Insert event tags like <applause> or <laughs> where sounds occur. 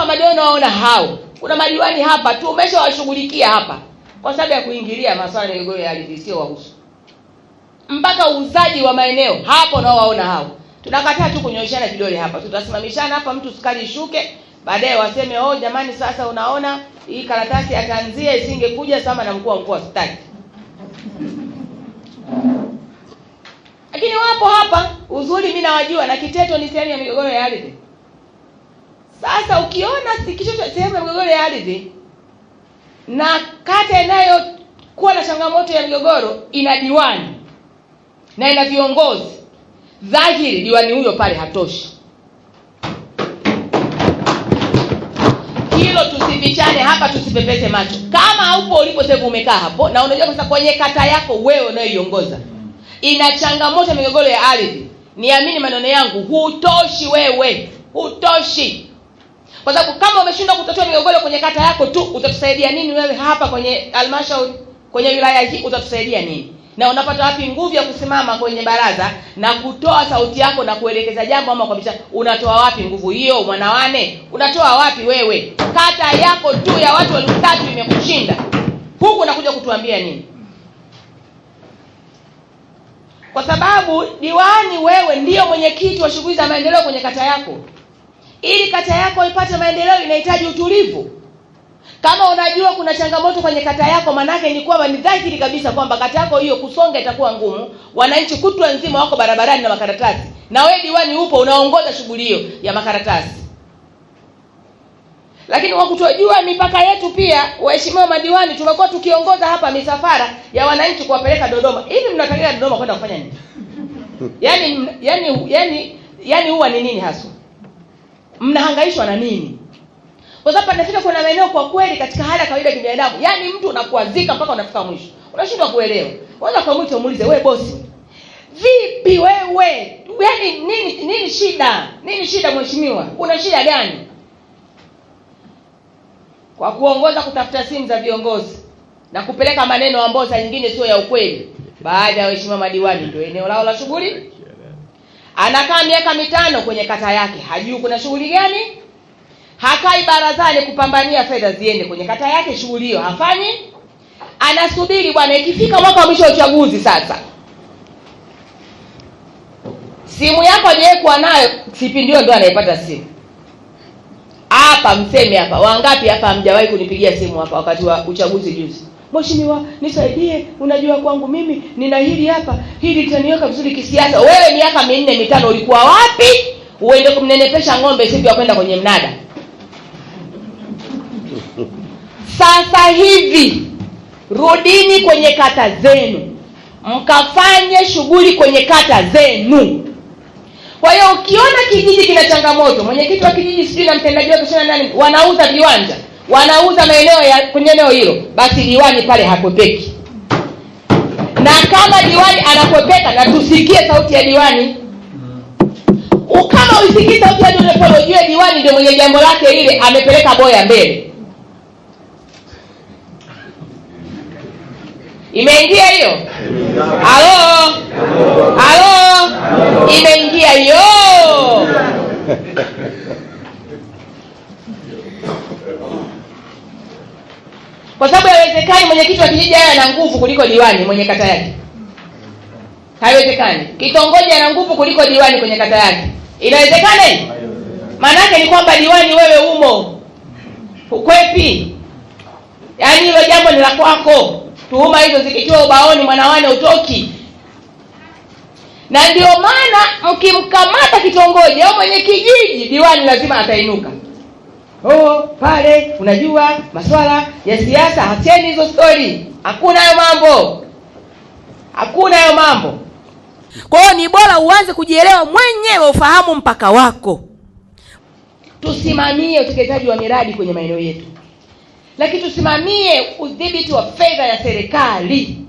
hapa madiwani waona hao, kuna madiwani hapa tumeshawashughulikia hapa kwa sababu ya kuingilia masuala ya migogoro ya ardhi sio wahusu, mpaka uuzaji wa maeneo hapo nao waona hao. Tunakataa tu kunyoshana kidole hapa, tutasimamishana hapa, mtu sukari ishuke, baadaye waseme oh, jamani, sasa unaona hii karatasi ya tanzia isingekuja sama na mkuu wa mkoa sitaki. Lakini wapo hapa, uzuri mimi nawajua, na Kiteto ni sehemu ya migogoro ya ardhi. Sasa ukiona kichwa cha sehemu ya migogoro ya ardhi na kata inayokuwa na changamoto ya migogoro ina diwani na ina viongozi, dhahiri diwani huyo pale hatoshi. Hilo tusifichane hapa, tusipepese macho. Kama upo ulipo sasa, umekaa hapo na unajua sasa kwenye kata yako wewe unayoiongoza ina changamoto ya migogoro ya ardhi, niamini maneno yangu, hutoshi wewe, hutoshi kwa sababu kama umeshindwa kutatua migogoro kwenye kata yako tu utatusaidia nini wewe hapa kwenye halmashauri kwenye wilaya hii utatusaidia nini na unapata wapi nguvu ya kusimama kwenye baraza na kutoa sauti yako na kuelekeza jambo ama kwa unatoa wapi nguvu hiyo mwanawane unatoa wapi wewe kata yako tu ya watu elfu tatu imekushinda huku unakuja kutuambia nini kwa sababu diwani wewe ndiyo mwenyekiti wa shughuli za maendeleo kwenye kata yako ili kata yako ipate maendeleo inahitaji utulivu. Kama unajua kuna changamoto kwenye kata yako, manake ni kwamba ni dhahiri kabisa kwamba kata yako hiyo kusonga itakuwa ngumu. Wananchi kutwa nzima wako barabarani na makaratasi, na wewe diwani upo unaongoza shughuli hiyo ya makaratasi. Lakini kwa kutojua mipaka yetu, pia waheshimiwa madiwani, tumekuwa tukiongoza hapa misafara ya wananchi kuwapeleka Dodoma. Hivi mnatangia Dodoma kwenda kufanya nini? <laughs> Yaani, yaani, yaani, yaani huwa ni nini haswa? mnahangaishwa na nini? Kwa sababu nafika kuna maeneo kwa kweli, katika hali ya kawaida kibinadamu, yaani mtu unakuazika mpaka unafika mwisho, unashindwa kuelewa. Kwanza kwa mtu umuulize, wewe bosi, vipi wewe, yaani nini nini shida, nini shida mheshimiwa, una shida gani? Kwa kuongoza kutafuta simu za viongozi na kupeleka maneno ambayo saa nyingine sio ya ukweli, baada ya waheshimiwa madiwani ndio eneo lao la shughuli anakaa miaka mitano kwenye kata yake, hajui kuna shughuli gani, hakai barazani kupambania fedha ziende kwenye kata yake, shughuli hiyo hafanyi, anasubiri bwana, ikifika mwaka wa mwisho wa uchaguzi sasa simu yako aliyekuwa nayo kipindi hiyo ndo anaipata simu hapa. Mseme hapa wangapi hapa hamjawahi kunipigia simu hapa wakati wa uchaguzi juzi? Mheshimiwa, nisaidie, unajua kwangu mimi nina hili hapa, hili litaniweka vizuri kisiasa. Wewe miaka minne mitano ulikuwa wapi? Uende kumnenepesha ng'ombe siku ya kwenda kwenye mnada? Sasa hivi rudini kwenye kata zenu, mkafanye shughuli kwenye kata zenu. Kwa hiyo ukiona kijiji kina changamoto, mwenyekiti wa kijiji sijui na mtendaji wake nani wanauza viwanja wanauza maeneo ya kwenye eneo hilo, basi diwani pale hakwepeki. Na kama diwani anakwepeka, na tusikie sauti ya diwani. Kama usikie sauti ya diwani, ujue diwani ndio mwenye jambo lake, ile amepeleka boya mbele. Imeingia hiyo? Halo, halo, imeingia hiyo? <laughs> kwa sababu haiwezekani mwenyekiti wa kijiji haya ana nguvu kuliko diwani mwenye kata yake, haiwezekani. Kitongoji ana nguvu kuliko diwani kwenye kata yake, inawezekane? Maana yake ni kwamba diwani, wewe umo, ukwepi, yaani hilo jambo ni la kwako. Tuhuma hizo zikitiwa ubaoni, mwanawane utoki. Na ndio maana mkimkamata kitongoji au mwenye kijiji, diwani lazima atainuka oh, pale unajua masuala ya siasa, acheni hizo stori, hakuna hayo mambo, hakuna hayo mambo. Kwa hiyo ni bora uanze kujielewa mwenyewe, ufahamu mpaka wako. Tusimamie utekelezaji wa miradi kwenye maeneo yetu, lakini tusimamie udhibiti wa fedha ya serikali.